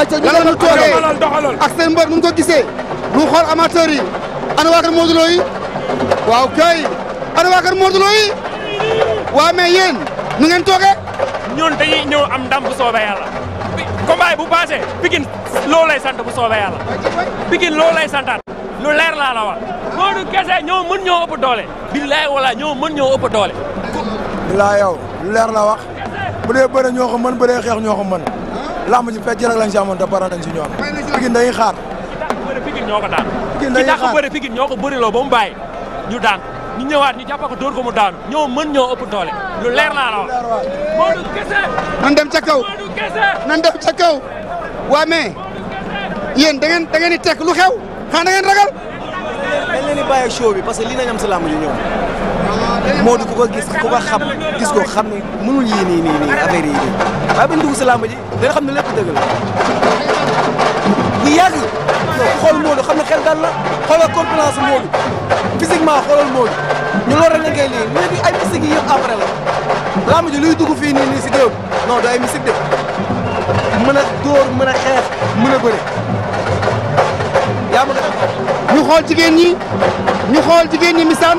ayca ñu doon toolam ak seen mbër nu ko gisee nu xool amateur yi ana waa kër Modou Lo yi waaw kay ana waa kër Modou Lo yi waaw mais yéen nu ngeen toogee. ñoon am ndam bu soobee yàlla. combat bu passé Pikine loo lay bu soobee yàlla. Pikine loo lay lu leer laa la wax. Modou kese ñoo mën ñoo ëpp doole. billaay wala ñoo mën ñoo ëpp doole. billaay yow lu leer la wax. bu dee bëre ñoo ko mën bu dee xeex ñoo ko lamb ji fecc rek lañ si amoon te pare nañ si ñoom. Pikine dañuy xaar. Pikine ñoo ko daan. Pikine dañuy xaar ci dàq bëri Pikine ñoo ko bëriloo ba mu bàyyi ñu daan ñu ñëwaat ñu jàpp ko dóor ko mu daan ñoo mën ñoo ëpp doole lu leer laa la dem ca kaw Modou Kese. ca kaw. waa mais yéen da ngeen da ngeen di teg lu xew xanaa da ngeen ragal. dañ leen di bàyyi ak show bi parce que lii nañ am si lamb ji ñoom. Modou ku ko gis ko xam gis ko xam ne mënul yii nii nii nii affaire yi nii waaye bañ dugg si làmb ji dana xam ne lépp dëgg la bu yàgg yow xool Modou xam ne xel dal la xoolal compétence Modou physiquement xoolal Modou ñu loolu rek la ngay lii mais bi ay mystique yi yëpp la làmb luy dugg fii nii nii si du ay mystique de mën a dóor mën a xeex mën a bëre yaa ma ñu xool jigéen ñi ñu xool jigéen ñi misaan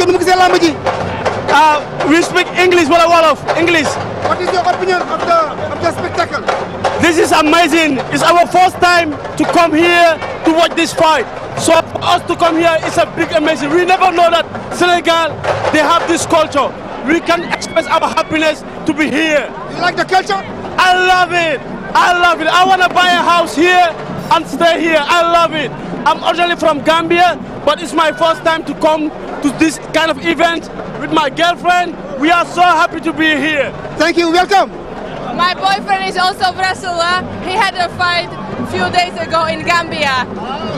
ko nu mu gisee lamb ji. ah we speak English wala wolof English. what is your opinion of the of the spectacle. this is amazing it's our first time to come here to watch this fight so for us to come here is a big amazing we never know that Senegal they have this culture we can express our happiness to be here. you like the culture. I love it I love it I want to buy a house here. and stay here. I love it. I'm originally from Gambia, but it's my first time to come to this kind of event with my girlfriend. We are so happy to be here. Thank you. Welcome. My boyfriend is also wrestler. He had a fight a few days ago in Gambia.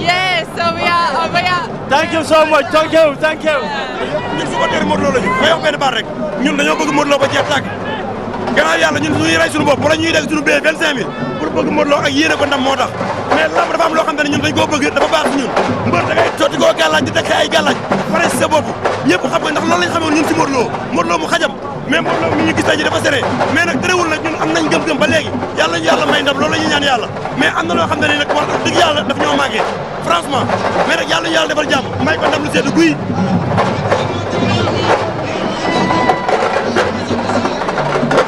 Yes, so we are, uh, we are. Thank you so much. Thank you. Thank you. ñun supporter Modou Lo lañu may wax benn baat rek ñun dañoo bëgg Modou Lo ba jeex tàgg gannaaw yàlla ñun suñuy rey suñu bopp wala ñuy dégg bëgg Modou Lo ak yéene ko ndam moo tax mais lamb dafa am loo xam ne ñun dañ koo bëgg dafa baax ñun mbër da ngay sotti koo gàllaaj di tekkee ay gàllaaj pare bopp ñëpp xam nga ndax loolu lañ xamoon ñun si Modou Lo mu xajam mais Modou Lo mi dafa sere mais nag terewul nag ñun am nañ gëm-gëm ba léegi yàlla ñu yàlla may ndam loolu la ñuy ñaan am na loo xam ne nag wax dëgg yàlla daf ñoo màggee franchement mais nag yàlla ñu yàlla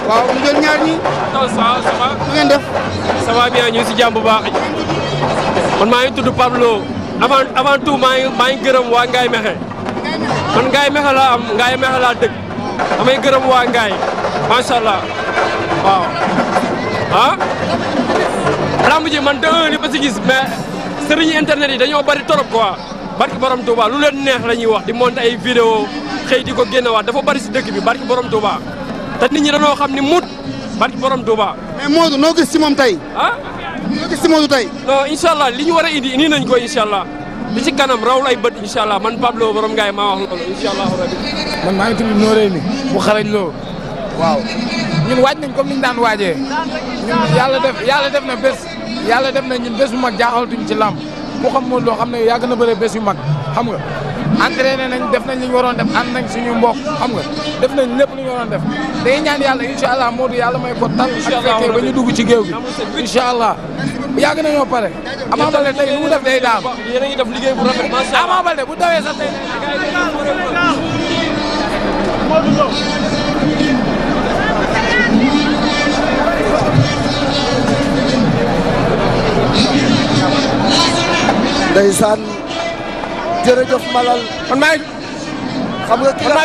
waaw ñu jël ñaar ñi. non ça ça va. si jàmm bu man maa ngi tudd Pablo avant avant tout maa ngi gërëm waa Ngaye Mexe. man Ngaye Mexe laa am Ngaye Mexe laa dëkk. damay gërëm waa Ngaye macha allah waaw. ah. lamb man de un li ma gis mais sëriñu internet yi dañoo bari torop quoi. barki borom Touba lu leen neex la ñuy wax di monter ay vidéo xëy di ko génnewaat dafa bari si dëkk bi barki borom Touba. te nit ñi dañoo xam ni mut barki borom Touba. mais Modou noo gis ci moom tey. ah noo gis ci tey. non incha allah li ñu war a indi indi nañ ko incha allah li ci kanam rawul ay bët incha allah man Pablo borom ngaay ma wax loolu incha allah rabi. man maa ngi tudd Noreyni bu xarañ loo waaw ñun waaj nañ comme ni daan waaje ñun yàlla def yàlla def na bés yàlla def na ñun bés bu mag jaaxaltuñ ci làmb mu xam Modou Lo xam ne yàgg na bëre bés yu mag xam nga. entraîné nañ def nañ li waroon def ànd nañ suñu mbokk xam nga def nañ lépp li ñu waroon def day ñaan yàlla incha allah Modou yàlla may ko tal ak fekkee dugg ci géew gi incha allah yàgg nañoo pare Ama Baldé tey lu mu def day daal yéen a ngi def liggéey bu rafet Ama Baldé bu dawee sax tey ndeysaan jërëjëf Malal. man maa xam nga